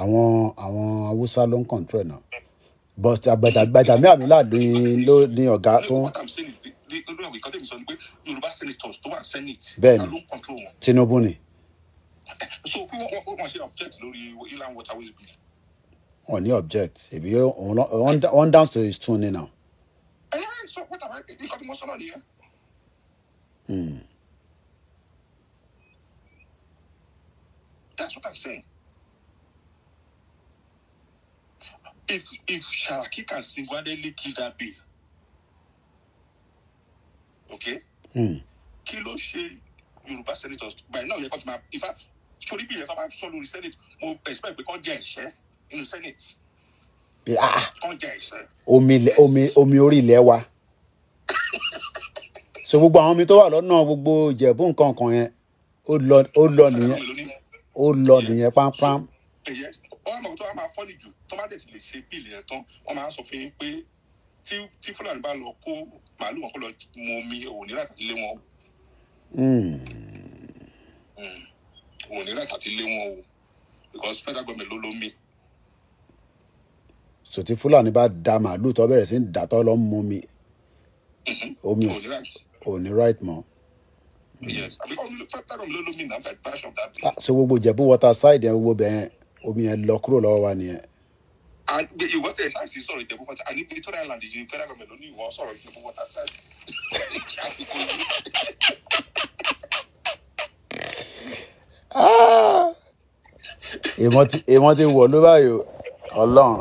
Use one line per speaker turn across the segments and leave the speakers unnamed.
àwọn àwọn haúsá ló ń control náà but àgbàtà àgbàtà mi àmì láàdó ló ní ọ̀gá tó ń. bẹ́ẹ̀ni Tinubu ni. Eh,
so kí wọ́n wọ́n ṣe object lórí inland waterway bill.
wọ́n ní object ebi one down to his tune ni now.
ẹ ẹ sọ pé tàbí nǹkan tí mo sọ nìyẹn.
Hmm. that's
what i'm saying. if if Sharaki can singularly kill that bill okay.
Hmm. Kilo she ṣe Yorùbá senators by now yẹ kó ti máa in fact torí bí yẹn tó máa
sọ senate mo expect pé kó jẹ in the senate. Ah. kó jẹ
ẹ̀ṣẹ́. omi omi omi orí ilẹ̀ wa so gbogbo àwọn omi tó wà lọ́nà gbogbo ìjẹ̀bú nǹkan kan yẹn ó lọ nìyẹn ó lọ nìyẹn pámpám wọ́n á mọ̀ tó wá máa fọ́nì jù tó má tètè lè ṣe bíìlì yẹn tán wọ́n
máa sọ fún yín pé tí tí fúlàní bá lọ kó màálù wọn kó lọ mu omi òun láti lé wọn o. Hmm. òun láti lé wọn o because federal government ló lómi.
sọ tí fúlàní bá da màálù tó bẹ̀rẹ̀ sí ń dàtọ́ lọ mu omi mm-hmm. omi òun right mọ́. yes
àbíkọ́ federal government ló lómi náà version dábìlì.
Ah, so gbogbo Ìjẹ̀bú water side yẹn gbogbo bẹ́ẹ̀ omi yẹn lọ kúrò lọ́wọ́ wa nìyẹn.
ìwọ tẹ ṣáàṣì sọ̀rọ̀ ìjẹ̀bú fọta àní Victoria land yìí federal government ló ní ìwọ sọ̀rọ̀ ìjẹ̀bú fọta ṣáàṣì àsìkò yìí.
èèmọ̀ ti wọ̀ ló báyìí ọlọ́run.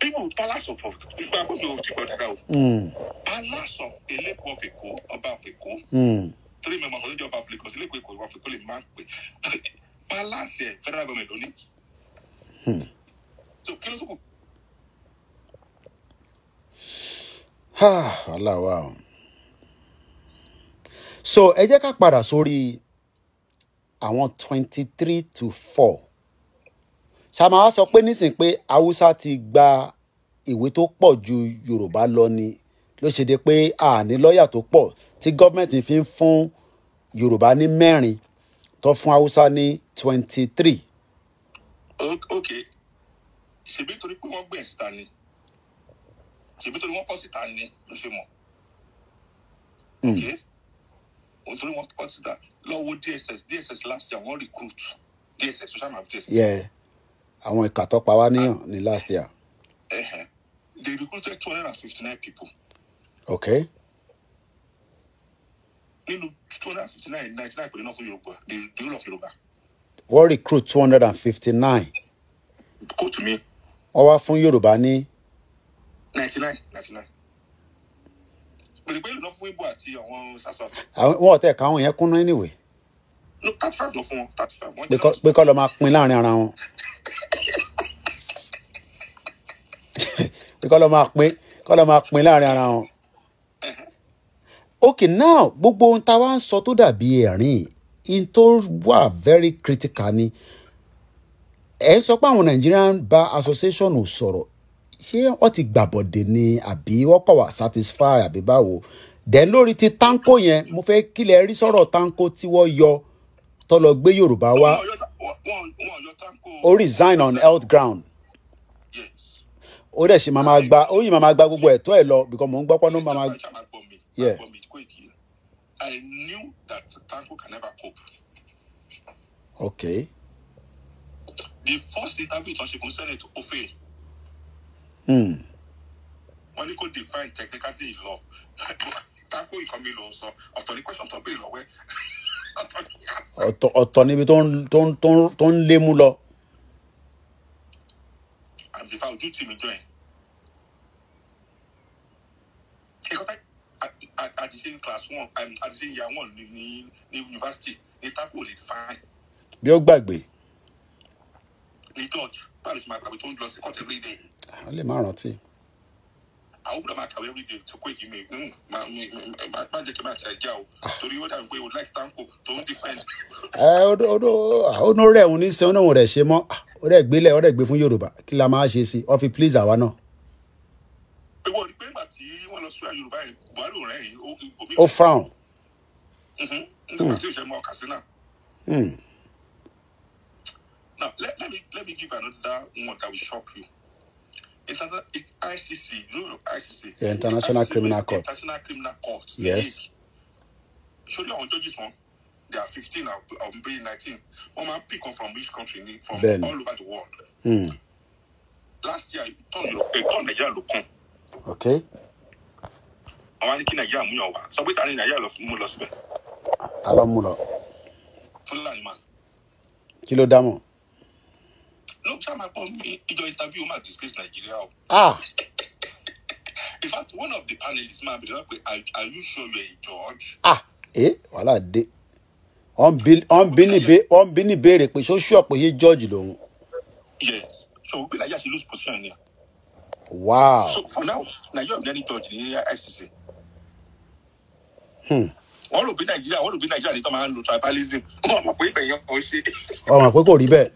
people palace
of ìgbà gómìnà ti gbọ́ dára o.
palace of eléko of èkó ọba of èkó.
torí mi ò mọ̀ kọ́ ní ìjọba of Lagos eléko èkó ọba of èkó lè máa ń palace ẹ̀ federal government ló ní so kí ló tún kù.
wàhálà wa o so ẹ jẹ́ ká padà sórí àwọn twenty three to four ṣàmà wá sọ pé nísìnyí pé haúsá ti gba ìwé tó pọ̀ ju yorùbá lọ ni ló ṣe de pé àní lọ́ọ̀yà tó pọ̀ tí gọ́ọ̀mẹ̀ntì fi ń fún yorùbá ní mẹ́rin tó fún haúsá ní twenty three
ok ṣèbí torí pé wọ́n gbẹ̀ síta ni ṣèbí torí wọ́n kọ́ síta ni ló ṣe mọ̀ hmm. ok òun torí wọ́n kọ́ síta lọ́wọ́ DSS DSS last year wọ́n recruit DSS social mafia.
yeah àwọn ìka tó pa wá níyàn ah. ní last year.
Uh-huh. they recruited two hundred and fifty nine people. okay nínú two hundred and fifty nine ninety nine pẹ̀lú náà fún Yorùbá the whole of Yorùbá
wọ́n recruit two hundred and fifty nine. kò tún mi. wọ́n wá fún yorùbá ní.
ninety nine ninety nine pèlèpèlè náà fún ibo àti àwọn sasọ.
àwọn ọ̀tẹ̀ káwọn yẹn kúnná anyway.
no thirty five lọ fún wọn thirty five.
pé kọ́ lọ máa pin láàrin ara wọn. pé kọ́ lọ máa pin kọ́ lọ máa pin láàrin ara wọn. ok now gbogbo ohun tá a wá ń sọ tó dàbí ẹ̀rín in tó wà very critical ni ẹ sọ pé àwọn Nigerian Bar Association ò sọ̀rọ̀ ṣé wọ́n ti gbàbọ̀dè ni àbí wọ́n kọ̀ wá satisfy àbí báwo then lórí ti tanko yẹn mo fẹ́ kílẹ̀ rí sọ̀rọ̀ tanko tí wọ́n yọ tó lọ gbé yorùbá wá ó resign on health ground ó dẹ̀ ṣe máa gba ó yìí máa gba gbogbo ẹ̀tọ́ ẹ̀ lọ because mò ń gbọ́ pọ́nú máa I knew that Tanko can never cope. Okay.
The first interview ìtàn ṣe fún Senate ó
Hmm. When you kó define technically law. Tanko nǹkan mi ló ń sọ, ọ̀tọ̀ question tó béèrè lọ́wọ́ ẹ̀. Ọ̀tọ̀ níbi tó ń lé mú lọ. Àbífà ojú tì mí jọ yẹn.
Ẹ̀kọ́ tẹ́ àti ṣe ní class one àti ṣe ní year one ní ní yunifásitì ní tako lè fine. bí ó gbàgbé. ní george báwo ṣe máa gbàgbé tó ń lọ sí court every day.
a lè má rántí. àwọn òbúdó máa kàwé every
day tó kó èyí mi má hmm, jẹ́ kí n máa tẹ̀ já o ah. torí ó dàbí pé o like tanko
tó ń defend. ẹ odò odò onórẹ̀ òun ní sẹ́wọ́n náà òun rẹ̀ ṣe mọ́ ah, ó rẹ̀ gbélé ó rẹ̀ gbé fún yorùbá kí la máa ṣe sí ọ fi please àwa náà
ìwọ rí pé nígbà tí lọ sóyà yorùbá yẹn buhari ò rẹ́rìn
omi. ó fáwọn.
nígbà tí ìṣẹ́ mọ́ katsina. now let, let me let me give another one that will shock you. Interna ICC, you know ICC. Yeah, International ICC Criminal Court. International Criminal Court. Yes. Surely our judges wọn they are fifteen or maybe um, nineteen wọn máa pick one from which country from ben. all over the world. Mm. last year turn Nigeria ló kàn àwọn á ní kí nàìjíríà mú yàn wá sọ pé ta ni nàìjíríà lọ mú lọ síbẹ̀. ta ló mú lọ. fúlàní man.
kí ló dá mọ̀. ló sá máa pọ̀ mí ìjọ interview máa Discuss nàìjíríà o. ah. in fact one of the panelists máa bèrè wọ́n pé are you sure you are a judge. ah eh wàhálà dé wọ́n bí ní béèrè pé ṣó ṣùọ́ pé yé george lòun.
yes so gbé nàìjíríà ṣe lose position ni. Wow. So for now, Nigeria many any judge ní ICC. Wọ́n rò pé Nàìjíríà wọ́n rò pé Nàìjíríà ní tọ́ máa ń lo tribalism. Wọ́n mọ̀ pé ìbẹ̀yẹn kò ṣe.
Wọ́n mọ̀ pé kò rí bẹ́ẹ̀.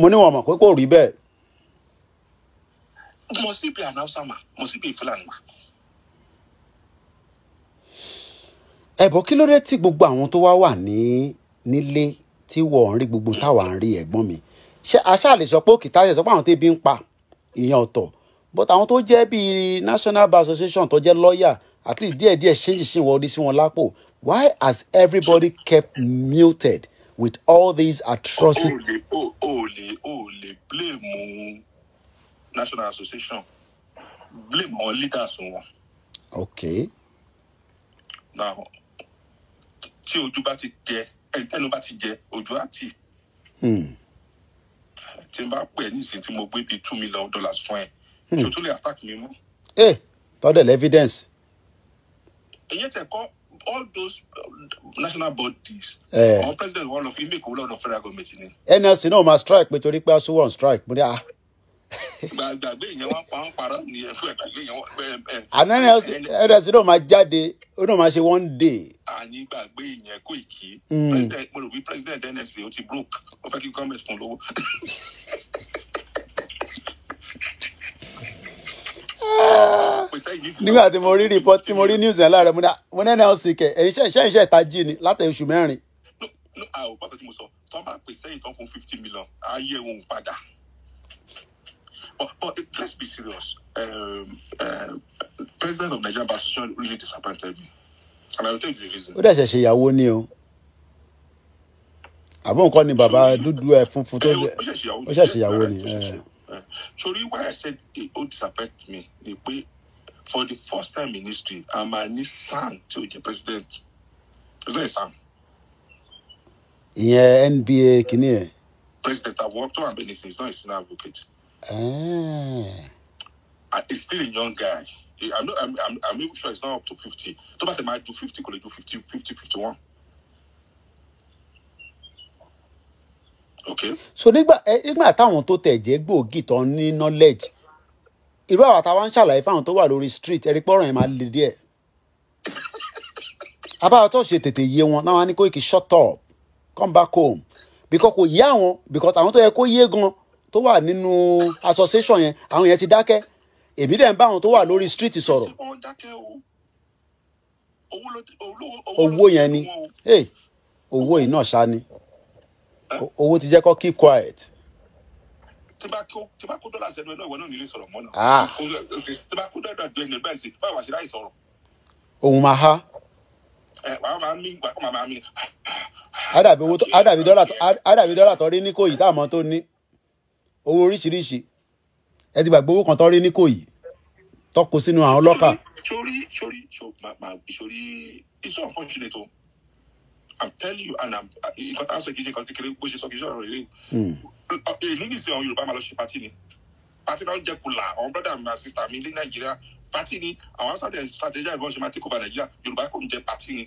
Mo ní wọ́n mọ̀ pé kò rí bẹ́ẹ̀.
Mo sì bí Anáwúsá mà, mo sì bí Fúlàní mà.
Ẹ̀bọ̀ kí ló dé tí gbogbo àwọn tó wá wà ní nílé tí wọ́n ń rí gbogbo táwa ń rí ẹ̀gbọ́n mi? Ṣé aṣáà lè sọ pé òkìtá ṣe sọ pé àwọn tẹ́bí ń pa? ìyẹn ọ̀tọ̀ but àwọn tó jẹ́ bíi National Bar Association tó jẹ́ lọ́ọ̀yà at least díẹ̀díẹ̀ ṣéǹjì sí wọn orí sí wọn lápò why has everybody kept muted with all these atrocities.
o ò lè o ò lè blame National Association blame àwọn leaders wọn. okay. now tí ojú bá ti jẹ ẹnu bá ti jẹ ojú á tì. Hmm tí n bá pè é nísìnyí tí mo gbé bíi two million dollars fún ẹ hmm. ṣé o tún lè attack mi mú.
ẹ tọ́dẹ̀ lẹ́fídẹ́ǹsì.
èyí tẹ̀ kọ́ all those uh, national bodies. Eh. our president wọn lọ fi make owó lọ́dọ̀ federal government ni.
nlc náà máa strike pé torí pé aṣọ wọn strike mo ní a. Ah.
gbàgbé ìyẹn wọn pa wọn parọ́ nìyẹn
fún ẹgbàgbé ìyẹn wọn. àná nlc náà máa jáde ó náà máa ṣe one day. àní gbàgbé ìyẹn Koiki hmm. president mo rò bí president
nfc ó ti broke ó fẹ́ kí gọ́ọ̀mẹ̀ntì fún lówó.
nígbà tí mo rí report tí mo rí news yẹn láàárọ̀ mo ní nlc kẹ ẹ̀yin iṣẹ́ iṣẹ́ iṣẹ́ ìtají ni láti oṣù mẹ́rin. a ò pàtó tí mo sọ
tó bá pèsè ìtàn fún fifty million á yẹ òun padà. but but let's be serious. Um, uh, president of Nigerian Bar Association really disappointed me and I will tell you the
reason. ó dẹ̀ ṣẹ̀ṣẹ̀ ìyàwó ni o àbọ̀ nǹkan ni bàbá dúdú ẹ̀ funfun tó ó ṣẹ̀ṣẹ̀ ìyàwó ni. Eh. Eh,
sorry why I said it ó disappoint me ni pé for the first time in history I'm a ní san tí ó jẹ́ president president san.
ìyẹn NBA kìíní ẹ̀. president àwọn tó wà bẹ́ẹ̀ ni since now he's an advocate. Ah.
Uh, he's still a young guy. I'm, not, I'm, I'm, I'm even sure it's not up to 50. Tó bá tẹ̀ máa ju
50 kò lè ju 50, 50, 51. Okay. So nígbà nígbà táwọn tó tẹ̀ jẹ́ gbòógì tán ní knowledge irú àwọn táwa ń ṣàlàyé fáwọn tó wà lórí street ẹ̀rí pọ́nrán yẹn máa le díẹ̀. abáwọ̀ tó ṣe tètè yé wọn náà wọn á ní Koiki shut up come back home because kò yé àwọn because àwọn tó yẹ kó yé gan tó wà nínú association yẹn àwọn yẹn ti dákẹ́ èmi dẹ̀ ń bá àwọn tó wà lórí street sọ̀rọ̀. owó yẹn ni owó yìí náà ṣá ni owó ti jẹ́ kó keep quiet. tí
bá kó dọ́là sẹ́nu ẹ̀ náà ìwọ náà nílé sọ̀rọ̀ mọ́ náà ah. tí bá kó dọ́là sẹ́nu ẹ̀ bẹ́ẹ̀ sì báwo àṣírí àìsọ̀rọ̀.
òun máa ha àdàbí owó àdàbí dọ́là tó rí ní kò yìí táwọn tó ní owó oríṣiríṣi ẹ ti gbàgbé owó kan tó rí ní kòyí tó sínú àwọn lọ́kà.
sori sori sori it's unfortunate o i'm telling you and i'm nǹkan tá sọ kì ṣe nǹkan kékeré bó ṣe sọ kì ṣe ọ̀rọ̀ rere èyí hmm. nìsín àwọn yorùbá máa lọ ṣe pati ni pati náà jẹ kùlà àwọn brọdà mi àti sísá mi ní nàìjíríà pati ni àwọn asàdẹ strategy ìbọn ṣe máa tí
kò nàìjíríà yorùbá kò ń jẹ pati ni.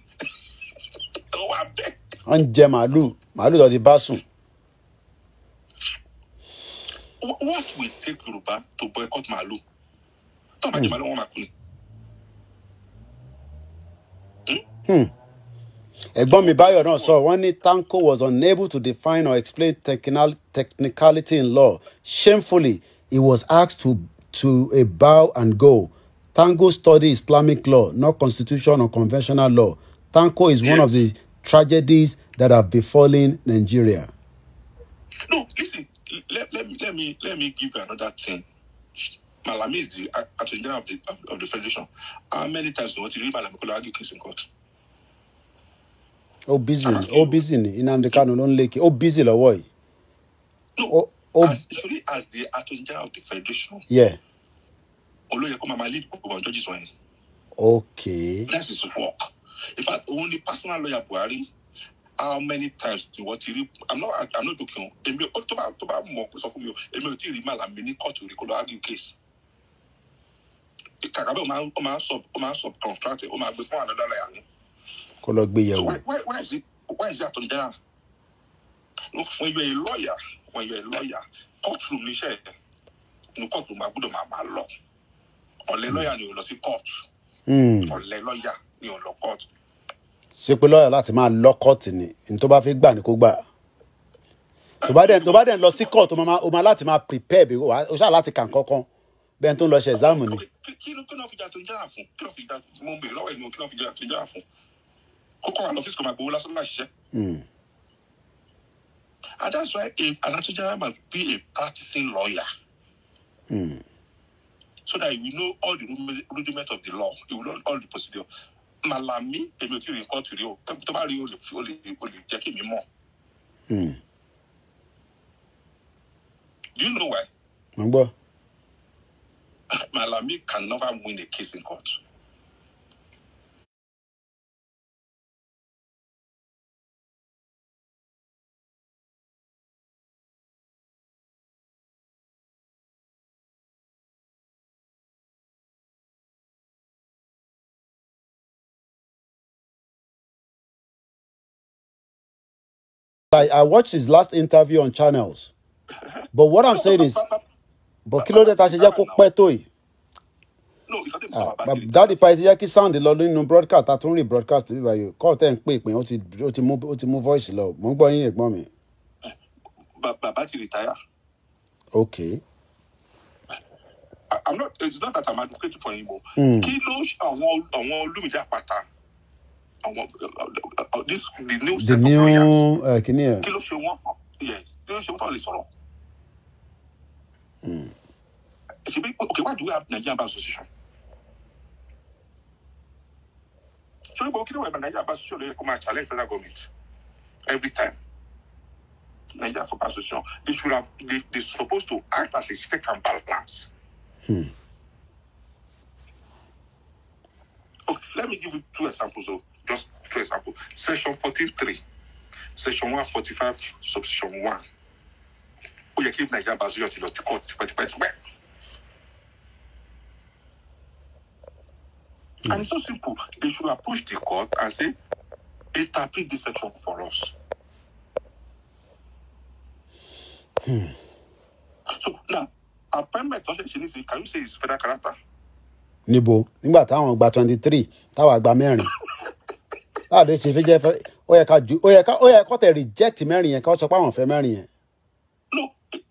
wọ́n jẹ màálù màálù tó ti bá sùn
what will take Yoruba to boycott màálù
tó àbájọ hmm. màálù wọn máa kú ni. Hmm. Ẹ̀gbọ́n mi Báyọ̀ náà sọ wọ́n ní Tanko was unable to define or explain technicality in law. Shamefully, he was asked to, to a bow and go. Tanko studied Islamic law, not constitution or conventional law. Tanko is yes. one of the tragedies that have befallen Nigeria.
No, listen, let, let, me, let, me, let me give you another thing. Malami is the Attorney General of the, of, of the Federation. How many times do you want to read Malami Kola argue case in court?
Oh busy ni ó busy ni Nnamdi Kanu ló Oh busy la yìí. no oh as surely as the attorney general of the federation. yeah.
olóyè kó mama lead gbogbo judges wọn.
okay. that is his work
in fact only personal lawyer Buhari how many times ni wọ́n ti rí i'm not i'm not joking o èmi ò tó bá tó bá mọ̀ sọ fún mi o èmi ò tí ì rí màlà mi ní kóòtù rí kó lọ argue case kàkà bẹ́ẹ̀ ó máa sub ó máa sub contract ó máa gbé fún another lawyer ni.
kó lọ gbé yẹ̀wò. so why
why why is it why is it attorney general when you are a lawyer when you are a lawyer courtroom ni iṣẹ́ ẹ̀ ní kóòtù máa gbọ́dọ̀ máa máa lọ ọ̀lẹ́ lọ́ọ̀yà ni ò lọ sí kóòtù ọ̀lẹ́ lọ́ọ̀yà ni ò lọ kóòtù
ṣe pé lọ́yà láti máa lọ kọ́ọ̀tì ni ní tó bá fi gbà ní kó gbà tó bá dẹ̀ tó bá dẹ̀ lọ sí kọ́ọ̀tì o máa láti máa prepare bí o ṣáà láti kà kankan bẹ́ẹ̀ tó ń lọ ṣe ẹ̀sáàmù ni.
kí ló kí ló fi jà tó ń jà fún kí ló fi jà tó ń bèrè lọ́wọ́ ìlú kí ló fi jà tó ń jà fún kókó wà lọ́fíìsì kò máa gbowó lásán máa ṣiṣẹ́. Hmm. and that's why a anatunjara must be a practicing lawyer. Mm. so that he know all the rudiment of the law he know all the procedure Màlàmí èmi ò tí ì rìpọ́ọ̀tù rí o tó bá rí o lè o o lè jẹ́ kí mi mọ̀. Hmm. Do you know why? mo gbọ́. Màlàmí can never win a case in court.
I, I watched his last interview on channels. But what I'm saying is, but kilo ló dé ta ṣe jẹ́ kó pẹ́ tó yìí? Ah, Dáàdi pa ẹtí jẹ́ kí sound lọ nínú broadcast a tún rí broadcast bí báyìí. Kọ́ọ̀ tẹ́ ń pè pé ó ti mú ó ti mú voice lọ. Mo ń gbọ́ yín ẹ̀gbọ́n mi. Bàbá ti retire. Okay. I'm not, it's not that I'm advocating for him o. Hmm. Kí ló àwọn àwọn olùmìjà pata.
this the new set the of new, yes hmm. okay why do we have Nigerian Association ṣé gbogbo Nigerian Association challenge government every time Nigerian for Association they should have they supposed to act as a check and balance. Hmm. Okay, let me give you two examples. just for example, section fourteen three section one forty five subsection one ó yẹ kí nàìjíríà bá zúyọ̀ ti lọ tí kò tipẹ́tipẹ́ tipẹ́. Hmm. And it's so simple. They should approach the court and say, interpret this section for us. Hmm. So now, appointment tó ṣe can you say
it's federal character? Níbo nígbà táwọn gba twenty three táwa gba mẹ́rin láàdó ṣe fi jẹ́ fẹ́ ó yẹ ká ju ó yẹ ká ó yẹ kó tẹ̀ reject mẹ́rin yẹn ká sọ pé àwọn fẹ́ mẹ́rin yẹn.
no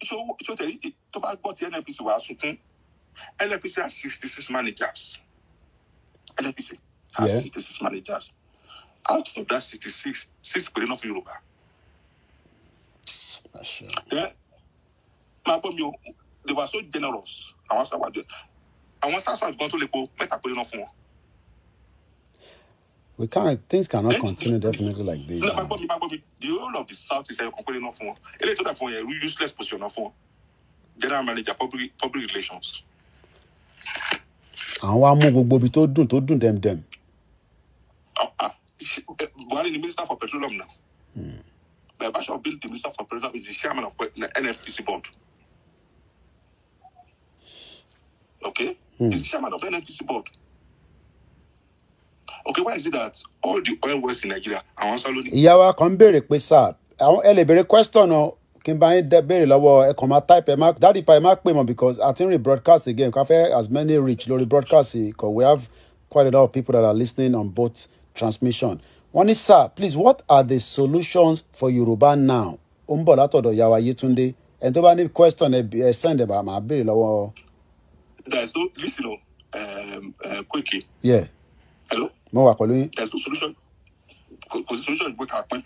so so tẹ̀lé tó bá gbọ́ ti NNPC wàá sunkún NNPC has sixty six managers NNPC
has yeah. sixty six
managers out of that sixty six six péré náà fi Yorùbá. máa gbọ́ mi o they were so generous àwọn sáwà àwọn sáwà gan tó lè po mẹ́ta péré náà fún wọn
we can't things cannot continue definitely like this. No, ní
agbọ́mi agbọ́mi the whole of the south is ẹ̀yọ̀ kan péré Let's fún wọn eléyìí tó useless position náà fún general manager public public relations.
àwọn wa mú gbogbo ibi tó dùn tó dùn dẹ́mdẹ́m.
Ah, ah, eh, Buhari ni minister for petroleum now. Hmm. But Bashaw Bill, the minister for petroleum, is the chairman of the eh, NFPC board. Okay? Hmm. He's the chairman of the NFPC board okay why is it that all the oil wells in Nigeria àwọn sá lónìí.
ìyá wa kan béèrè pé sir àwọn ẹ lè béèrè question o kí n bá yín béèrè lọ́wọ́ ẹ kàn máa type ẹ má dáàdì pa ẹ má pè mọ́ because àti ń rìn broadcast again ká fẹ́ as many reach lórí broadcast because we have quite a lot of people that are listening on both transmission. wọ́n ní sir please what are the solutions for Yoruba now? ó ń bọ̀ látọ̀dọ̀ ìyá wa Yétúndé ẹni tó bá ní question ẹ ẹ send ẹ bá máa béèrè lọ́wọ́.
there is no listen o um, um, quickly.
yeah. hello mo wà pẹ̀lú yín. there's no
solution kò sí solution ìgbé ká pín.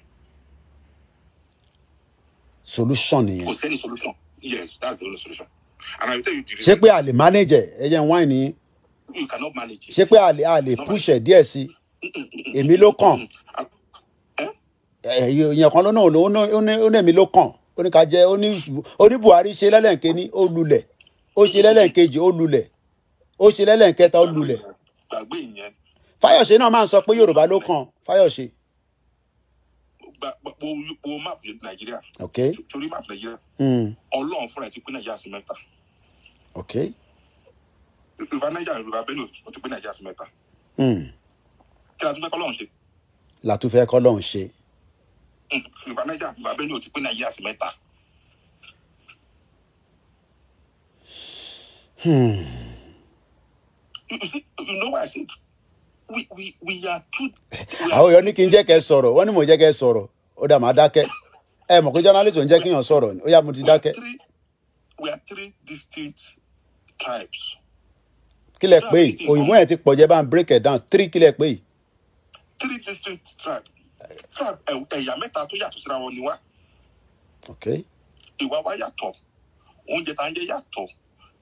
solution nìyẹn. kò sẹ́ni solution
yes that's the only solution and i will tell you the reason. ṣé
pé a lè manage ẹ ẹ wáìnì yín.
you cannot manage it. ṣé
pé a lè a lè push ẹ díẹ̀ sí i èmi ló kàn èèyàn eh? kan lọ́nà ó ní èmi ló kàn ó ní ká jẹ́ ó ní Buhari ṣe lẹ́lẹ́ǹkẹ́ ní ó lulẹ̀ ó ṣe lẹ́lẹ́ǹkejì ó lulẹ̀ ó ṣe lẹ́lẹ́ǹkẹta ó lulẹ̀. gbàgbé ìyẹn Fáyọ̀ṣe náà máa ń sọ pé Yorùbá ló kàn Fáyọ̀ṣe. o map Nàìjíríà. ok
torí map Nàìjíríà. Hmm. Ọlọ́run fúnra ẹ̀ ti pín Nàìjíríà sí mẹ́ta. ok. Yorùbá Nàìjíríà Yorùbá Benue ó ti pín Nàìjíríà sí mẹ́ta. Hmm. kí la tún fẹ́ kọ́ lọ́run ṣe.
la tún fẹ́ kọ́ lọ́run ṣe.
Hmm. Yorùbá Nàìjíríà Yorùbá Benue ó ti pín Nàìjíríà sí mẹ́ta. Hmm. You, you see, you know why I said we we we are too.
àwọn èèyàn ní kí n jẹ́ kẹ́ sọ̀rọ̀ wọ́n ní mò jẹ́ kẹ́ sọ̀rọ̀ ó dà máa dákẹ́ ẹ mọ̀ pé journalist ò ń jẹ́ kí èèyàn sọ̀rọ̀ ó yá mo ti dákẹ́.
we are three distinct
tribes. kí lẹ pé yìí òyìnbó yẹn ti pọ̀ jẹ́ bá ń break it down three kí lẹ pé
three distinct tribes tribe ẹ̀yà mẹ́ta tó yàtọ̀ síra wọn ni wá. ìwà wa yàtọ̀ oúnjẹ tá ń jẹ yàtọ̀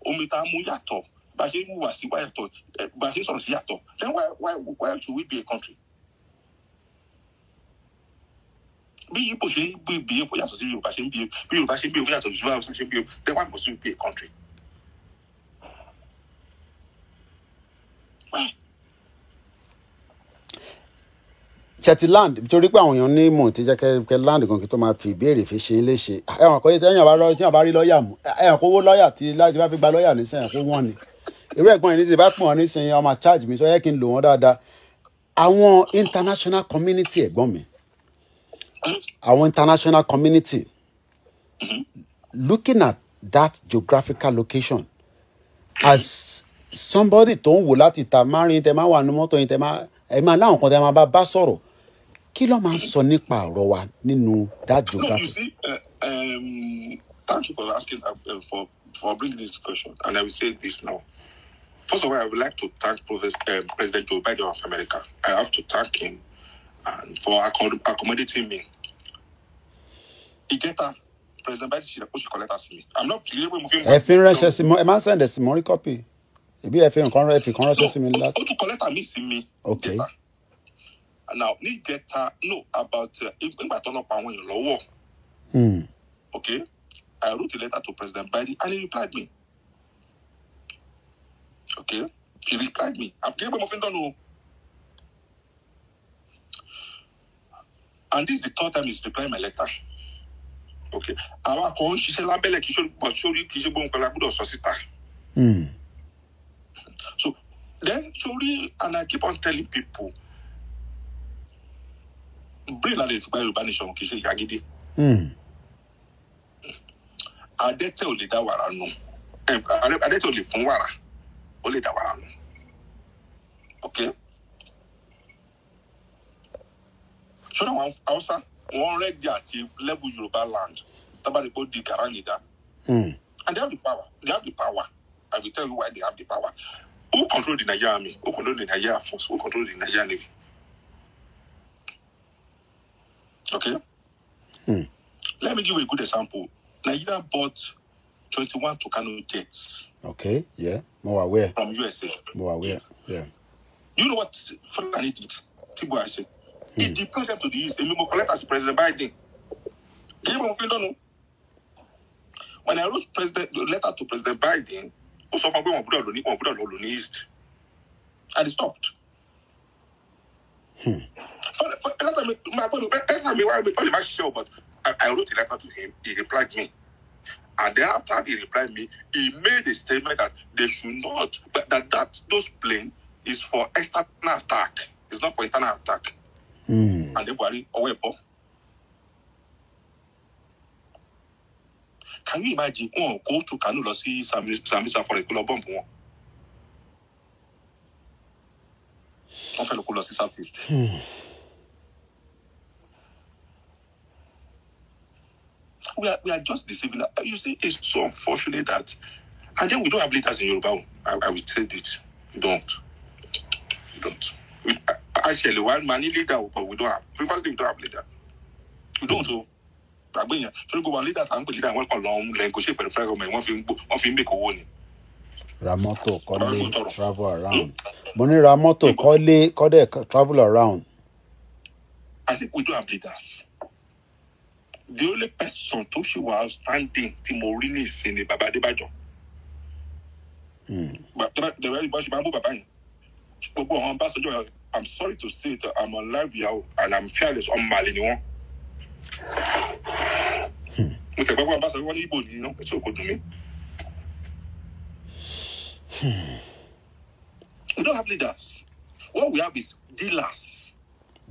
omi tá ń mu yàtọ̀ bá ṣe ń wùwà sí wá yàtọ̀ bá ṣe ń sọ̀rọ̀ sí yàtọ̀ then why why why should we be a country. bí ibo ṣe ń bí bí epo yàtọ̀ sí yorùbá ṣe ń bí bí yorùbá ṣe ń bí epo yàtọ̀ sí yorùbá ṣe ń bí then why must we be a country.
Chetland torí pé àwọn èèyàn ní mò ń ti jẹ́ kẹ́ land gan kí tó máa fi ìbéèrè fi ṣe é léṣe ẹ̀wọ̀n kò yẹ tí èèyàn bá rí lọ́ọ̀yà mú ẹ̀wọ̀n kó lọ́ọ̀yà tí láti bá fi gba lọ́ọ̀yà nísìnyẹn kó wọ́n ni irú ẹ̀gbọ́n yìí nísìnyí bá pọ̀ nísìnyí ọmọ charge mi sọ yẹ kí n lò wọ́n dáadáa àwọn international community ẹ̀gbọ́n mi àwọn international community looking at that geographical location as somebody tó ń wò láti ta máa rin tẹ máa wà ní mọ́tò yìí tẹ máa ẹ máa láwọn kan tẹ máa bá bá sọ̀rọ̀ kí ló máa ń sọ nípa ọ̀rọ̀ wa nínú that geography.
um, thank you for asking uh, for for bringing this question and I will say this now. First of all, I would like to thank President Joe Biden of America. I have to thank him and for accommodating me. Ìjẹta, President Biden should ṣe kọ lẹ́tà to me. I'm not clear pé mo fi ń. Ẹ
fi ránṣẹ́ sí mi, ẹ máa ń sẹ́ndẹ̀ sí mọ́rí kọ́pì. Ìbí ẹ fi nǹkan rẹ̀ fi kan ránṣẹ́ sí mi last. Ó tún kọ lẹ́tà mi sí mi. Okay. Now, ní ìjẹta, no, about nígbà tó náà pa àwọn èèyàn lọ́wọ́.
Okay, I wrote a letter to President Biden and he replied me okay he replied me àpè pé mo fi ń dọ́nu o. and this is the third time he's replying my letter okay àwa kò ń ṣiṣẹ́ lábẹ́lẹ̀ kì í ṣe gbọ́ sórí kì í ṣe gbóhùn pẹ̀lú agbọ́dọ̀ sọ síta. Hmm. so then sórí and I keep on telling people brain la lè fi gba Yorùbá nation kì í ṣe ìyàgídé. Hmm. adẹ́tẹ̀ ò lè dá wàrà nù adẹ́tẹ̀ ò lè fún wàrà ó lè dà wàrà nù ok ṣọ́nà àwọn haúsá wọ́n rẹ́dí àti level yorùbá land tábàdìpọ̀ di kàràǹgìdá hmm. and they have the power they have the power i will tell you why they have the power who control the nigerian army who control the nigerian force who control the nigerian navy okay hmm. let me give you a good example nigeria bought twenty-one Tucano jets.
Okay, yeah. More aware. From USA. More aware, yeah.
Do you know what Fulani did? Tibuari said. Hmm. He deployed them to the East. Emi Mokolet as President Biden. Èyí mo fi When I wrote president, letter to President Biden, ó sọ fún mi pé wọ́n gbúdọ̀ lò ní wọ́n gbúdọ̀ lò lò ní East. And he stopped. Ẹlẹ́tà But máa gbọ́dọ̀ ẹlẹ́tà mi wá mi ó lè má ṣiṣẹ́ o but I, I wrote a letter to him he replied me. And then after he replied me, he made a statement that they should not, but that, that those plane is for external attack. It's not for internal attack. Mm. And they worry away bomb. Can you imagine? Oh, go to Kanu lọ sí Samisa for a kó lọ bọ́ǹbù wọn. Wọ́n fẹ́ lọ kó lọ We are, we are just deceiving. You see, it's so unfortunate that, and then we don't have leaders in Yoruba. I, I will say it. We don't. We don't. We, actually, one money leader, but we don't have. Previously, we don't have leader. We don't. do. hmm tàgbé yẹn torí gbogbo àwọn leader tá ń wọn kàn lọ ń lẹ negotiate pẹ̀lú federal government wọ́n fi ń wọ́n fi ń ni.
ra mọ́tò kọ́lé travel around mo ní ra mọ́tò kọ́lé kọ́dẹ̀ travel around. I think we do have leaders the only person tó ṣì
wà outstanding tí mo rí ní ìsìn ni bàbá adébàjọ. Hmm. bàbá adébàjọ máa ń bú bàbá yẹn gbogbo àwọn Ọbásanjọ́ yẹn i'm sorry to say it i'm alive yahoo and i'm fearless ọmọ àlè ni wọn. Hmm. mo tẹ̀ gbọ́dọ̀ Ọbásanjọ́ wọn ní ibo nìyí náà ètò òkò dùn hmm. we don't have leaders what we have is dealers.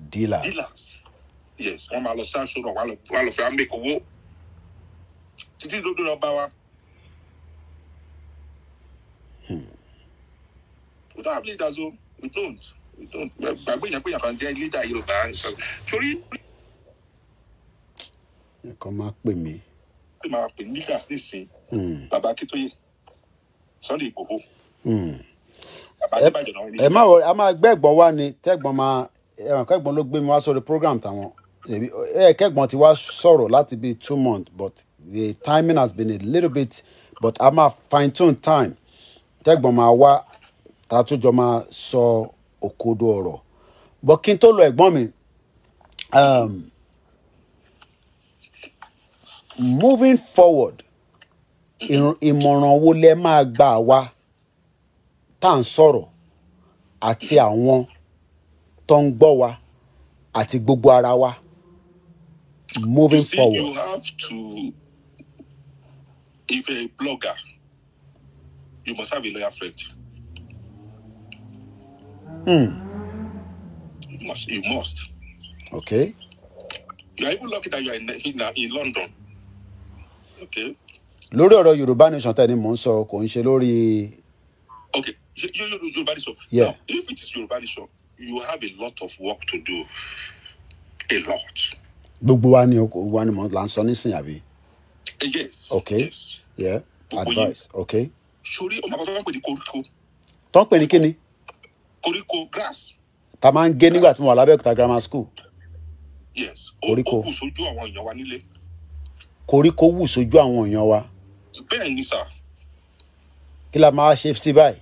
dealers. dealers yes wọ́n máa lọ sí àṣọrọ wà lọ wà lọ fẹ́ àmẹ́kọ̀ owó títí lódò lọ bá wa. Hmm. we don't have leaders o oh. we don't we don't gbàgbé yẹn pé yẹn kan jẹ́ leader yorùbá torí.
ẹ̀kọ́ máa pè mí.
pé máa pè mí leaders nísìnyí hmm. bàbá akíntóye sunday igbòho
hmm. ẹ má wọ a máa gbẹ́gbọ́n wá ni tẹ́gbọ́n máa ẹ̀wọ̀n kẹ́gbọ́n ló gbé mi wá sórí program tàwọn ẹ̀ẹ́kẹ́gbọ̀n eh, ti wá sọ̀rọ̀ láti bíi two months but the timing has been a little bit but a máa fine tune time tẹ́gbọ̀n máa wá tá a tún jọ máa sọ òkodo ọ̀rọ̀ but kí n tó lọ ẹ̀gbọ́n mi um, moving forward ìmọ̀ràn wo lẹ máa gbà wá tá à ń sọ̀rọ̀ àti àwọn tó ń gbọ́ wa àti gbogbo ara wa moving you see, forward. You have to,
if a blogger, you must have a lawyer friend. Hmm. You must. You must. Okay. You are even lucky that you are in, in, uh, in London. Okay.
lórí ọ̀rọ̀ yorùbá nation tẹ́ ni mò ń sọ kò ń ṣe lórí.
okay yorùbá nation. yeah Now, if it is yorùbá nation you have a lot of work to do
a lot gbogbo wa ni ọkọ wa ni mo là ń sọ nísìnyí àbí. yes okay yes. yeah advice okay.
sori ọmọ bàbá wọn pè ní koríko.
tọ́ pè ní kíni.
koríko grass.
ta máa ń gé nígbà tí mo wà lábẹ́òkúta grammar school. yes koríko ó kù
sójú àwọn èèyàn wa nílé.
koríko wù sójú àwọn èèyàn wa. bẹ́ẹ̀ ni sà. kí la máa ṣe sí báyìí.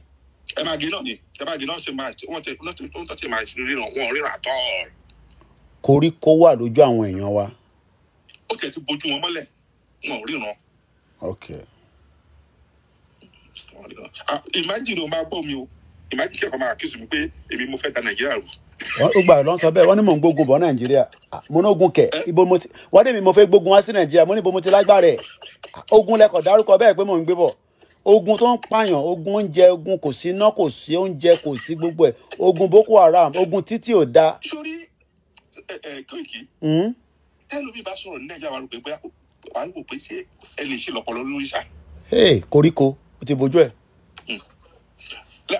ẹ máa gé náà ni ẹ máa gé náà ṣe máa wọ́n tẹ wọ́n tẹ máa ríran wọ́n ríran àtọ́ọ̀rọ̀
koríko wà lójú àwọn èèyàn wa.
ó tẹ̀ ti bojú wọn mọ́lẹ̀ wọn ò ríran. ok. Ah, imagine o máa gbọ́ mi o imagine kẹ́kọ̀ọ́ máa kíso mi pé èmi mo fẹ́ da nàìjíríà rù.
ó gbà lọ́n sọ bẹ́ẹ̀ wọ́n ní mò ń gbógun bọ̀ nàìjíríà ah, mo náà gun kẹ̀ eh. ibo mo ti wọ́n ní mi mo fẹ́ gbógun wá sí nàìjíríà mo ní ibo mo ti lágbára ẹ̀ ah, ogun lẹ́kọ̀ọ́ dárúkọ bẹ́ẹ̀ pé mò ń gbé bọ̀ ogun tó ń pààyàn ogun oúnjẹ ogun kò sí iná kò sí oúnjẹ kò sí gbogbo ẹ̀ ogun boko haram ogun títí ò dáa. sori kéèkì hmm?
tẹ́lómi bá sọ̀rọ̀ nílẹ̀ ìjà wa rò pé bóyá wàá wò pé ṣé ẹni ṣe lọ́pọ̀lọ́ lórí ṣá.
koríko o ti bójú ẹ. Hmm.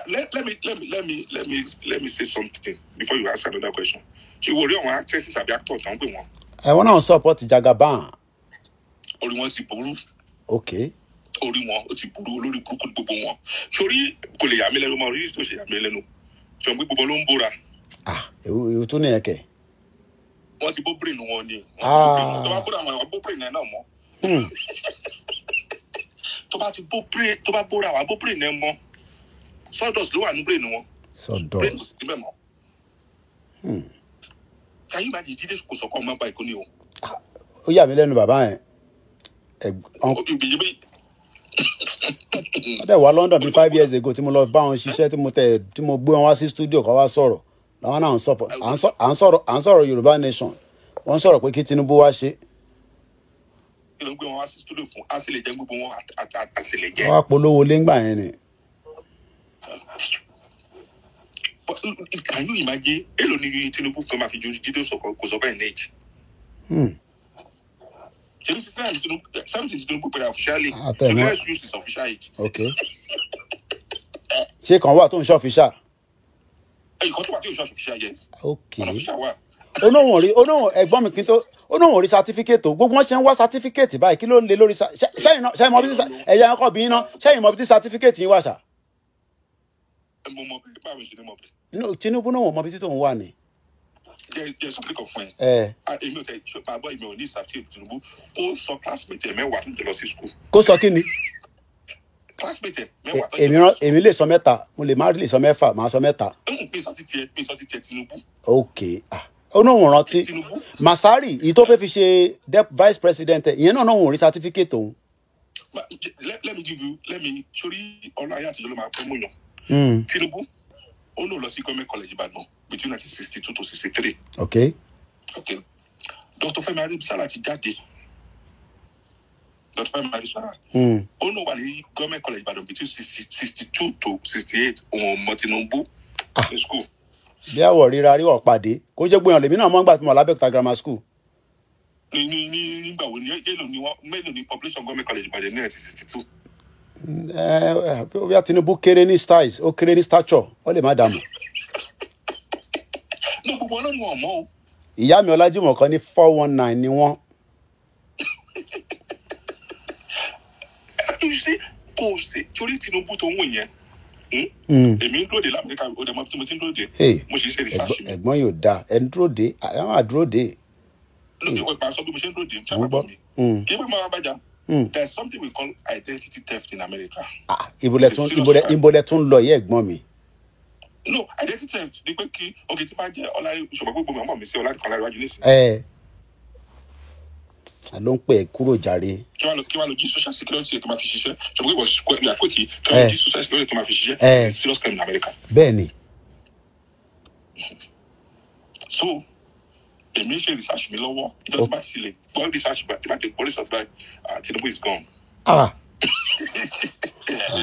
let me let me let me let me let me say something before you ask another question ṣé wo rí àwọn actresses àbí actors tó ń pè wọ́n. àwọn náà support Jagaban. orí wọn ti burú. ok.
orí wọn ó ti burú olórí burúkú gbogbo wọn sórí kò lè yà mí lẹ́nu ọmọ orí tó ṣe yà mí lẹ́nu ṣùgbọ́n gbogbo ló ń bóra.
ah ewu ewu tó nìyẹn kẹ
wọ́n ti bó brain wọn ni ah. tó bá bóra àwọn bó brain náà mọ́ hmm. tó bá ti bó brain tó bá bóra àwọn bó brain náà mọ́ sawdust ló wà ní brain wọn brain kò sì ti bẹ́ẹ̀
mọ́
kàyí bá di jíde kò sọ̀kọ́ ọmọ bá ikú ni o. Ah,
ó yà mí lẹ́nu bàbá yẹn. ọ̀dẹ̀ wà London bíi five years ago tí mo lọ bá wọn ṣiṣẹ́ tí mo gbé wọn wá sí studio kan wá sọ̀rọ̀ làwọn náà à ń sọ̀rọ̀ yorùbá nation wọ́n sọ̀rọ̀ pé kí tinubu wá ṣe.
kí ló ń gbé wọn wá sí studio fún àṣìlẹ̀jẹ́ gbogbo wọn
àṣìlẹ̀jẹ́. wọ́n á polówó léngbà yẹn ni.
can you imagine èlò ni tinubu kan máa fi jíde sọ̀kọ̀ kò sọ bẹ́ẹ̀ nẹ́ẹ̀jì. ṣèlú sí sáà tinubu sáà tinubu pẹ̀lú officially ṣèlú ẹ̀ṣù is official age.
ṣé kan wà tó ń ṣe nǹkan tó wà tí òṣìṣẹ́ òṣìṣẹ́ yẹ ọ̀nà òṣìṣẹ́ wà. onáwọ̀n rí onáwọ̀n ẹ̀gbọ́n mi kí n tó onáwọ̀n rí certificate. o gbogbo wọn ṣe ń wá sátífíkètì báyìí kí ló ń lé lórí ṣẹ́yìn mọ́ bí ẹ̀yà ẹ̀kọ́ bí iná ṣẹ́yìn mọ́ bí sátífíkètì yín wà ṣá.
mo mọ bẹ́ẹ̀ báwo ṣe ni mo bẹ.
Tinubu náà wọ́n mọ bí títò wà ni
jẹ jẹ sọpẹ kan fún
ẹ. èmi ò tẹ ṣọpọ àbọ èmi
ní ìsàfihàn Tinubu ó sọ classmate ẹ mẹ́wàá tó ń jẹ lọ sí school. kó sọ kí ni classmate
mẹ́wàá tó jẹ́ classmate. èmi lè sọ mẹ́ta mo lè má lè sọ mẹ́fà má sọ mẹ́ta.
mi sọ ti tiẹ̀ mi sọ ti tiẹ̀ Tinubu.
ok ah rántí Masari yìí tó fẹ́ fi ṣe vice president ìyẹn náà náà òun rí certificate òun. let me give you let me sori ọlọ ayé àtijọ́ ló máa pẹ́ mú yàn. Hmm. Tinubu ó lò lọ sí gọ́ọ̀mẹ̀ college Ìbàdàn between nineteen sixty two to sixty three. ok ok
Dr. Fẹ́mi Arẹ́bísálà ti jáde
dr fẹ́mi adéṣọ́ra hmm. ó ló wà ní gọ́ọ̀mẹ̀ntì college ìbàdàn
between sixty two to sixty eight òun ọmọ tinubu ah. ní school.
bí àwọ̀ ríra rí ọ̀pàdé kó jẹ́ gbóyàn lèmi náà mọ́ nígbà tí mo wà grammar school. ní ní ní
nígbà wo ni yélo ni wọn mélòó ni population gọ́ọ̀mẹ̀ntì college ìbàdàn ní nineteen sixty two.
Eh, eh, bóyá tinubu kéré ní styles ó kéré ní stature ó lè má dààmú.
ní gbogbo ọlọ́run ọ̀mọ́ o.
ìyá mi ọlájúmọ̀ kan ní four one nine ni wọ́n
you see kò sí torí Tinubu tó ń wò yẹn hmm? Hmm. èmi ń dúró de lamẹ́ríkà ó dẹ̀ mọ́ tí mo ti ń dúró de mo sì ń ṣe research
mi. ẹ̀gbọ́n yóò dáa ẹ̀ ń dúró de àwọn máa dúró de. lókè ọgbà sọ bí mo ṣe ń dúró de ṣe àbábọ̀ mi hmm. kí ló máa bá jà there
is something we call identity theft in America.
ìbòlẹ̀ ah, tún lọ yẹ ẹ̀gbọ́n mi.
no identity theft ni pé kí oge tí máa jẹ́ ọlá ìṣọ̀gbọ́n gbogbo mọ̀ mọ̀ mi sí ọlá ìkànnì àríwájú
nísìnyí ló ń pè é kúrò jàre.
kí wàá lọ kí wàá lọ jí social security kí wàá fi ṣiṣẹ́ ṣùgbọ́n ìwọ
ìyá pèkì kí wàá lọ eh. social security kí wàá fi ṣiṣẹ́ eh. serious crime in America. bẹ́ẹ̀ni. so èmi ṣe research mi lọ́wọ́ ìjọba bá ti lè gbọ́ research bá ti bá ti gbọ́ ah, Tinubu is gone. ah.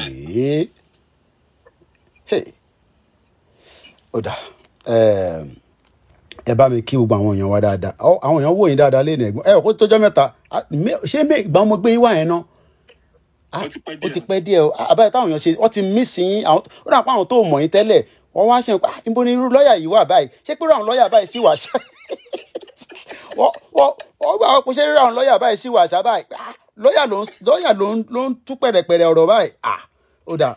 hey. ó dà. Eh, ẹ bá mi kí gbogbo àwọn èèyàn wa dáadáa àwọn èèyàn wò yín dáadáa lé ní ẹ̀gbọ́n ẹ kó tójọ́ mẹ́ta ṣé mi ìgbà mo gbé yín wá yẹn náà ó ti pẹ́ díẹ̀ o àbáyọ táwọn èèyàn ṣe wọ́n ti mí sí yín àwọn ó dà pé àwọn tó mọ̀ yín tẹ́lẹ̀ wọ́n wá ṣe pé ah, níbo ni irú lọ́ọ̀yà yìí wà báyìí ṣé pé ráwọn lọ́ọ̀yà báyìí sì wà ṣá wọ́n gbà wọ́n pé ṣé ráwọn lọ́ọ̀yà báyìí sì wà ṣá báyìí ah, lọ́ọ̀yà ló ń tú pẹ̀rẹ̀pẹ̀rẹ̀ ọ̀rọ̀ báyìí ah, ó dà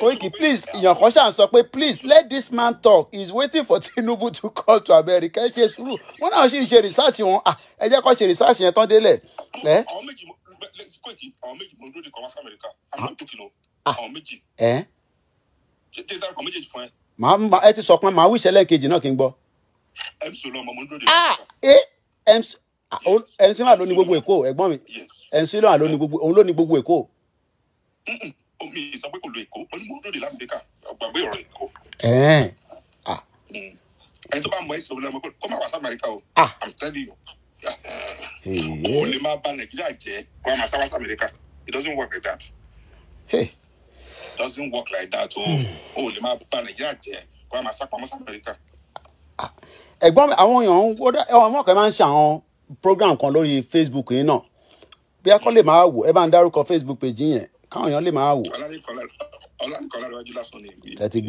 Koiki, please, your conscience sọ pé please let this man talk. He is waiting for Tinubu to call to America. Ẹ ṣe sùúrù. Wọ́n náà ṣì ń ṣe research wọn. Ẹ jẹ́ kó ṣe research yẹn tán délẹ̀.
Àwọn méjì Koiki, àwọn méjì mo ń dúró de kọ́ wá sí America. Ah. I'm not joking o. Ah. Àwọn méjì.
Ṣé ṣé dárúkọ méjèèjì fún ẹ? Màá ẹ ti sọ pé màá wíṣẹ́ lẹ́ẹ̀kejì náà kí n gbọ́. MC Olúọmọ mo ń dúró de. Ah! MC MC náà ló ní gbogbo Èkó ẹ̀gbọ́n mi. MC ló ní ló ní gbogbo Èkó omi ìsọ pé kò lo èkó mo ní mo lóde lámìdékà gbàgbé ọ̀rọ̀ èkó. ẹni tó bá mọ
ẹsẹ olóòmọ kó má wà sí o i'm telling you o lè máa bà nàìjíríà jẹ́ kó má sá wá sí it doesn't work like that. Hey. It doesn't work like that o o hmm. lè máa bà nàìjíríà jẹ́ kó má sá pamọ́ sí amẹ́ríkà.
ẹ̀gbọ́n mi àwọn èèyàn ọmọ kan máa ń ṣe àwọn program kan lórí facebook yìí náà bí akọ́lé máa wò ẹ bá ń dárúkọ facebook page yẹn káwọn èèyàn lè máa wò. ọlánìkan lárẹ́wájú lásán ẹ ti ni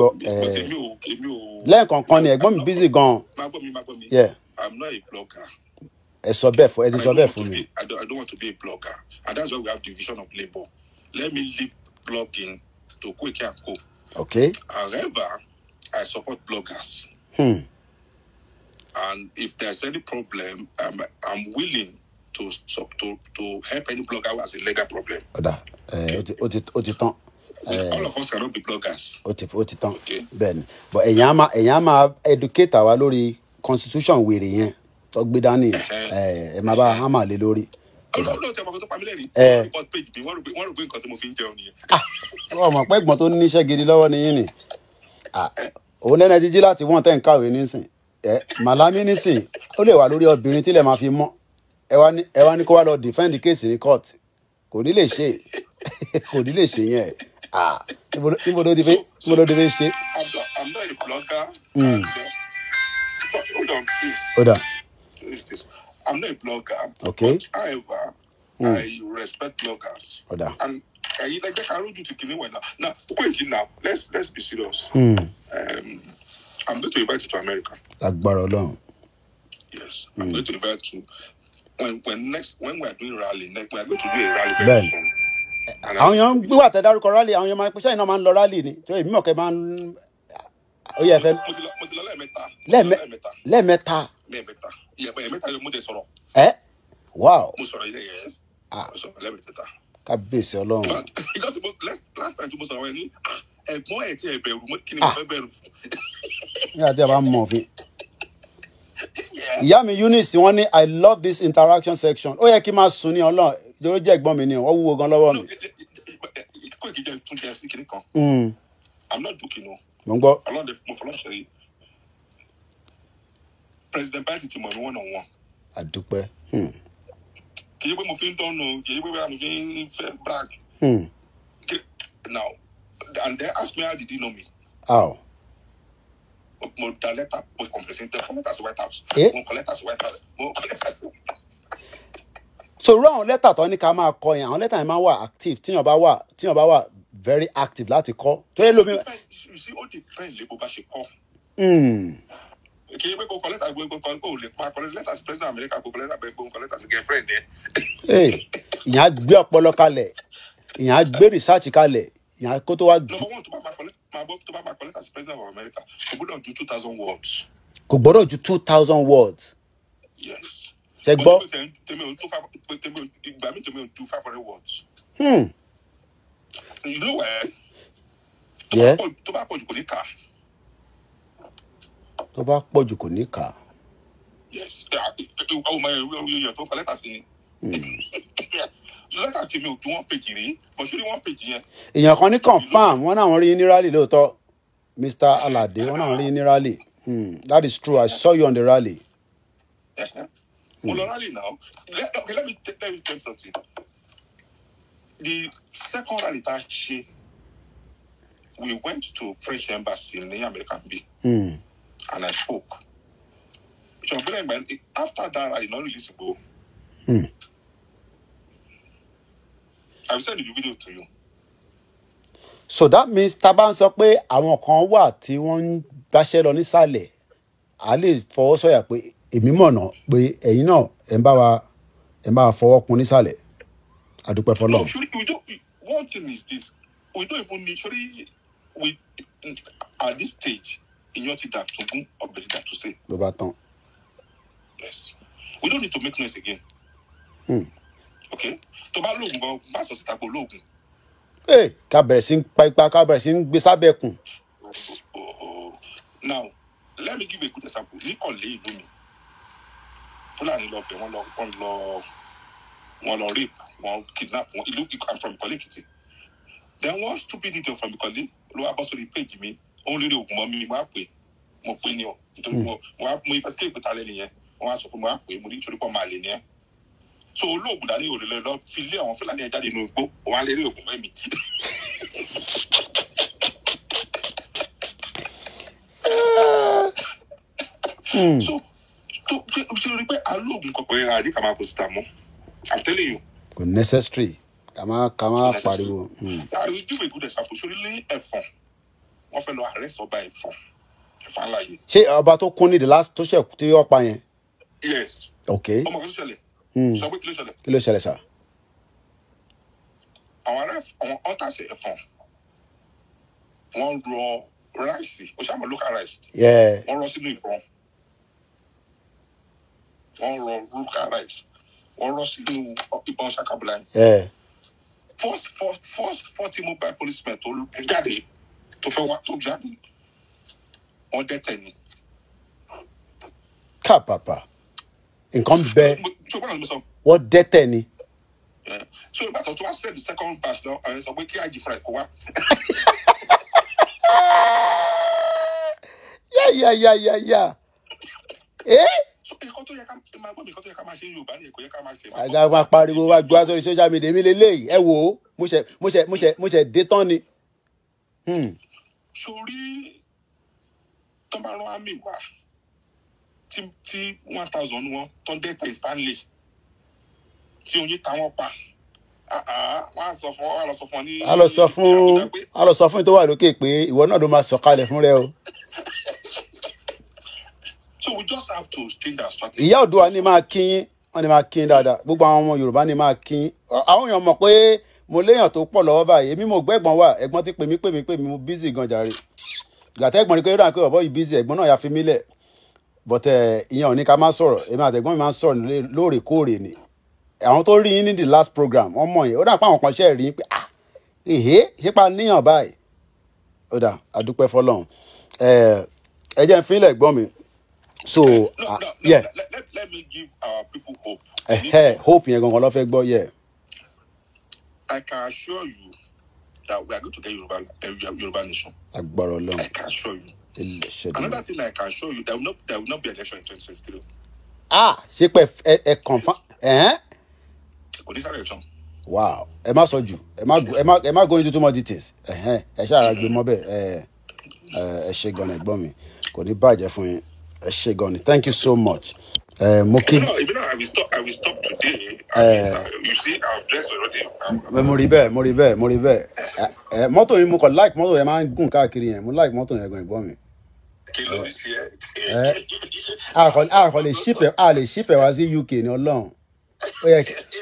ẹ̀gbọ́n mi bísí gan i'm
not a blogger.
ẹ sọ bẹ́ẹ̀ fún ẹ ti sọ bẹ́ẹ̀ fún mi. and that's why we have division of labour let me leave blogging to Koiki and Co. okay.
however i support bloggers. Hmm. and if there's any problem i'm, I'm willing to to to help any blogger as a
legal problem. ọ̀dà ó ti tán. all
of us cannot be bloggers.
ó ti ó ti tán bẹ́ẹ̀ni but èyàn á máa èyàn á máa educate àwa lórí constitution wèrè yẹn tó gbé dání yẹn ẹ máa bá hammer lé lórí wọ́n mọ̀ pé gbọ́n tó níṣẹ́ gidi lọ́wọ́ ni ni ah, òun lẹ́nu ẹjí jí láti wọ́n tẹ̀ ń kàwé nísìn Malami nísìn ó lè wà lórí obìnrin tílẹ̀ máa fi mọ́ ẹ wá ní kó wá lọ defend case ní court kò ní lè ṣe kò ní lè ṣe yẹn níbo ló ti fẹ́ níbo ló ti fẹ́ ṣe. I'm not a blogger. Okay. But, however, mm. I respect bloggers. Hold on. And ẹyin lẹgbẹ ká
rojú ti kìnìún wẹ̀nà na púpọ̀ èyí na let's let's be serious. Mm. Um, I'm going to invite you to America. Like
Ọlọ́run. Yes, I'm hmm. going to invite you when when next when we are doing rally next we are going to do a rally very soon. àwọn èèyàn ń gbígbà tẹ dárúkọ rally àwọn èèyàn máa ń pèsè iná máa ń lọ rally ni tó èmi mọ̀kẹ́ máa ń ó yẹ mo
ti lọ mo ti lọ lẹ́ẹ̀mẹ́ta.
lẹ́ẹ̀mẹ́ta. lẹ́ẹ̀mẹ́ta. lẹ́ẹ̀mẹ́ta
ìyẹ̀bẹ̀ ẹ̀mẹ́ta yóò mú de sọ̀rọ̀.
ẹ wow. mo sọ̀rọ̀ ilé yẹn ah. mo sọ̀rọ̀ lẹ́ẹ̀mẹ́ta. kábíyèsí ọlọ́run.
last time tí mo sọ̀rọ̀ wọn ni ah, ẹ̀gbọ́n ẹ̀
ìyá mi Eunice wọ́n ní i love this interaction section ó yẹ kí n máa sùn ní Ọlọ́run yóò jẹ́ ẹ̀gbọ́n mi ni ó wúwo gan lọ́wọ́ mi.
kó ìdí jẹ́ tún jẹ́ sí kiri kan. Mm. i'm not joking o. mo ń gbọ́. ọlọ́dẹ mo fọlọ́ ṣe rí president biden ti mọ̀ mí wọ́n náà wọ́n. àdúpẹ́. kì í pé mo fi ń tọ́nu kì í pé mo fi ń fẹ́ brag. Hmm. now and then ask me how did he know me. how. Oh mo da lẹ́tà mo kọ̀m̀pẹ̀ sí fún lẹ́tà sí white house
mo kọ lẹ́tà sí white
house mo kọ lẹ́tà sí white house.
sòrò àwọn lẹ́tà tó ní ká máa kọ yẹn àwọn lẹ́tà yẹn máa wà active tíyàn bá wà tíyàn bá wà very active láti kọ tó yẹ lómi. you see ó depend lé bó bá ṣe kọ́ hmm. kì í pé kò kọ lẹ́tà gbogbo kan kò lè pa kọ lẹ́tà sí president America kò kọ lẹ́tà gbogbo kọ lẹ́tà sí girlfriend ẹ. ìyẹn á gbé ọpọlọ kalẹ̀ ìyẹn á gbé research kalẹ̀ ìyẹn kó tó wá. number máa gbọ́ tó bá máa kọ lẹ́tà sí president of America kò gbọ́dọ̀ ju two thousand words. kò gbọ́dọ̀ ju two thousand words. yes. ṣe gbọ́. tèmi ò ń tó
five tèmi ò ìgbà mi tèmi ò ń do five hundred words. Hmm. ìlú
ẹ̀
tó bá pọ̀ jù kò ní kà.
tó bá pọ̀ jù kò ní kà.
yes ọmọ ẹ̀ ẹ̀ ẹ̀ tó kọ lẹ́tà sí ni lẹ́tà tèmi ò ju one page rí bó ṣe rí one page yẹn.
èèyàn kan ní confam wọn náà rí ní rally lóòótọ́ Mr. Eh, eh, Alade wọn náà rí eh, ní rally hmm, that is true I saw you on the rally.
mo lọ hmm. rally now let, okay, let me let me tell you something the second rally ta ṣe we went to French embassy ní America bí mm. and I spoke ṣùgbọ́n after that rally no release go. Mm. I send the video to you.
So that means taban a bá ń sọ pé àwọn kan wà tí wọ́n ń gbàṣẹ́ lọ nísàlẹ̀ a lè fọwọ́ sọ̀yà pé èmi mọ̀nà pé ẹ̀yin náà ẹ̀ ń bá wa ẹ̀ ń bá wa fọwọ́ kun nísàlẹ̀ àdúpẹ́ fọlọ́.
one thing is this we don't even need surely we at this stage iyan ti dà to gún ọbẹ̀ ti dà tó sè. ló bá tán. yes we don't need to make noise again.
Hmm ok
tó bá lóògùn gan bá sọ síta pé olóògùn.
ẹ eh, ká bẹ̀rẹ̀ sí pa ipa ká bẹ̀rẹ̀ sí gbé sábẹ́ kùn. Oh,
oh, oh. now let me give a good example ní kọ̀lé ìlú mi fúlàní lọ bẹ̀ wọ́n lọ wọ́n lọ wọ́n lọ rape wọ́n kidnap wọ́n ìlú i'm from Ìkọ̀lé Èkìtì then one stupid stupidity from Ìkọ̀lé ló wá bọ́ sórí page mi òun lórí oògùn mọ́ mi mo á pè mo pè ní ọ nítorí hmm. mo mo investigate pé ta lẹ́nu yẹn wọ́n á sọ fún mi mo á pè mo ní torí pọ́ máa lè ní ẹ́ so olóògùn dání ò lè lọ lọ fi lé àwọn fúlàní ẹ nínú igbó òun á lè rí òògùn mẹ́mi. Hmm. so tó ṣe rí pé alóògùn kọkọ yẹn àrí kàmá kò síta mọ i'm telling
you. kò necessary kàmá kàmá pariwo.
àríjúwe hmm. ah, good example sórí lé ẹ̀fọn wọ́n fẹ́ lọ arrest ọba ẹ̀fọn ẹ̀fọn láàyè.
ṣé ọba tó kún ní the last tó ṣe tí ó pa yẹn. yes. ok ọmọ kan ṣẹlẹ̀ Hmm. sọ pé kí ló ṣẹlẹ̀. kí ló ṣẹlẹ̀ sà.
àwọn ará àwọn otters ẹ̀fọn wọ́n rọ ráìsì ó ṣàmọ̀ local rice. wọ́n rọ sínú ìbọn wọ́n rọ local rice wọ́n rọ sínú ìbọn ṣàkàbùlà first first first forty mobile policemen tó jáde
tó fẹ́ wá tó jáde wọ́n dẹ́tẹ̀ ni. kápápá nǹkan bẹ wọ́n dẹ́tẹ̀ ni.
so ìgbà tó tó wá send the second batch náà àwọn sọ pé kí ig fry kó wá.
yáyáyáyáyá. Eh? so ìkọ́ tó yẹ ká máa gbọ́ mi ìkọ́ tó yẹ ká máa ṣe lélẹ́yìí ẹ wò ó mo ṣe mo ṣe mo ni. Hmm.
sori tó rán àmì wá tí one thousand wọn tó ń dẹ́tẹ̀ Stanley tí oyin ta pa wọn á lọ sọ fún ọ ní. lọ
sọ fún a lókè pé ìwọ náà ló máa sọ̀kalẹ̀ fún rẹ o.
so we just have to change our strategy.
ìyá Oòduà ni máa kí yín wọn ni máa kí yín dáadáa gbogbo àwọn ọmọ Yorùbá ni máa kí yín àwọn èèyàn mọ̀ pé mo léèyàn tó pọ̀ lọ́wọ́ báyìí èmi mo gbọ́ ẹ̀gbọ́n wa ẹ̀gbọ́n ti pè mí pè mí pè mí mo bízì gan jàre gàtẹ́ ni pé ó dà pé bàbá yìí bízì ẹ̀gbọ́n náà ya fi mí lẹ̀ but eh, ìyẹn ò ní ká má sọ̀rọ̀ èmi àtẹ̀gbọ́n mi máa ń sọ̀rọ̀ lóòrèkóòrè ni àwọn tó rí yín ní the last program wọ́n mọ̀ yín ó dà pé àwọn kan ṣe rí yín pé ah èhé ṣípa níyàn báyìí ó dà àdúpẹ́ fọlọ́run eh, ẹ jẹ́ ń fínlẹ̀ gbọ́n mi so uh, yeah let, let, me give our people hope. Uh, hope yẹn gangan ló fẹ́ gbọ́ yẹ.
I can assure you that we are going to get Yoruba, uh, Yoruba
nation. agbára Ọlọ́run I can assure you. election. another
thing i can show
you there will not there will not be election in twenty twenty three. ah ṣe pé ẹ ẹ confam. kò ní sáré election. wow ẹ má sọ jù ẹ má ẹ má ẹ má go into too much details ẹ ṣe ara gbé mọ́ bẹ́ẹ̀ ẹ ṣe gan ẹ̀gbọ́n mi kò ní bàjẹ́ fún yín ẹ ṣe gan ni thank you so much. Uh, Moki. No, even though I will stop, I will stop today. I mean, uh, you see, I've dressed already. Mo rí bẹ́ẹ̀, mo rí bẹ́ẹ̀, mo rí bẹ́ẹ̀. Mọ́tò yẹn mo kàn like mọ́tò yẹn máa ń gùn káàkiri yẹn, mo like mọ́tò yẹn gan ẹ̀gbọ́n mi
kí ló ń ṣe ẹ.
Eh, eh, a kò lè ṣípẹ̀ a lè ṣípẹ̀ wá sí UK ní Ọlọ́run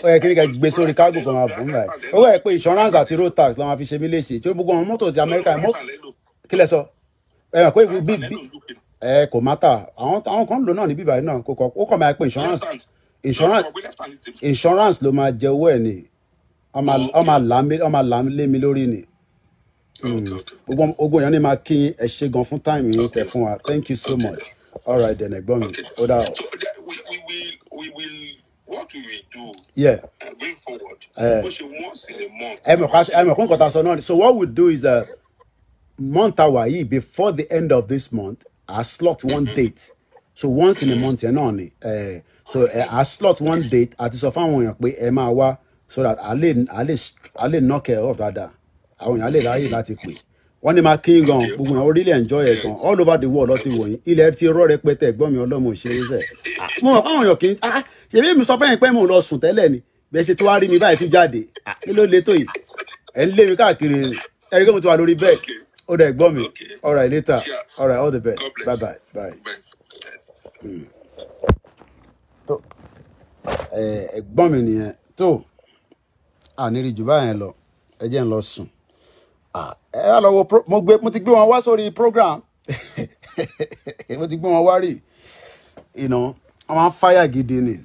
ó yẹ kí ni ká gbé sórí kágò kan máa bùn báyìí owó ẹ pé insurance àti road tax ló máa fi ṣe mí léṣe tí ó gbogbo àwọn mọ́tò ti Amẹ́ríkà kí lẹ sọ ẹ mọ̀ pé bí ẹ kò má tà àwọn kan ń lò náà ní bíbáyìí náà kò kọ ó kàn máa pé insurance insurance insurance ló máa jẹ owó ẹ ní ọmọ làmé lórí ni. Mm. gbogbo èèyàn ni máa kí ẹ ṣe gan fún táìmù yín tẹ fún wa thank you so much all right then ẹ̀gbọ́n mi ó dà o. What uh, we will do yeah. uh, going forward, uh, once in so, what we do is uh, month hour before the end of this month, I slot one mm-hmm. date. So, once in a month, you know, uh, so uh, eh, I slot one date. Àti sọ fáwọn èèyàn pé ẹ máa wá so that I lè I lè I lè knock her off that dáadáa
àwọn èèyàn lè ráyè láti
pè wọ́n ní máa kí n gan gbogbo àwọn orílẹ̀ ń jọ ẹ̀ gan all over the world ọtí wòyìn ilẹ̀ ti rọ́ rẹpẹtẹ ẹ̀gbọ́n mi ọlọ́mọ òṣèré sẹ̀ ah, mo mọ̀ fáwọn èèyàn kì í ah, ṣe bí mi sọ fẹ́yìn pé mo lọ sùn tẹ́lẹ̀ ni bẹ́ẹ̀ ṣe tó wá rí mi báyìí ti jáde ah, kí ló le tó yìí ẹ̀ ń lé mi káàkiri ẹ̀rí kí mo ti wà lórí bẹ́ẹ̀ ó dẹ̀ gbọ́ mi all right later all right all the best bye bye bye. Hmm. tó ẹ̀gbọ́n mi nìyẹn tó àníríjù báyẹn lọ ẹ jẹ́ ń lọ sùn. Ah, ẹ wá lọ wo mo gbé mo ti gbé wọn wá sórí program mo ti gbé wọn wá rí wọn máa ń fáyà gidi ni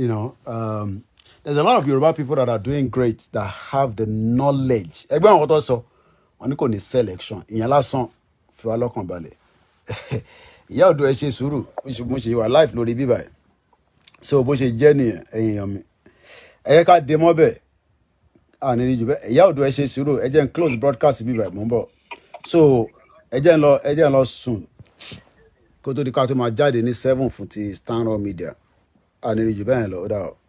you know um, there's a lot of Yoruba people that are doing great that have the knowledge ẹgbẹ́ àwọn tó sọ wọn ní kò ní selection ìyẹn lásán fi wá lọ́kàn balẹ̀ ìyá ọ̀dọ́ ẹ ṣe sùúrù mo ṣe wà life lórí bíbá ẹ̀ so bó ṣe jẹ́ nìyẹn ẹ̀yìn èèyàn mi ẹ̀yẹ ká dé mọ́bẹ̀ẹ́ àníri ah, jù bẹ́ẹ̀ ìyá òdo do ṣe sùúrù ẹ jẹ́ n close broadcast bíbẹ̀ mò ń bọ̀ so ẹ jẹ́ n lọ ẹ jẹ́ soon. lọ to kó tó di ká tó máa jáde ní seven fún ti stand up media àníri jù bẹ́ẹ̀ lọ ó dà o.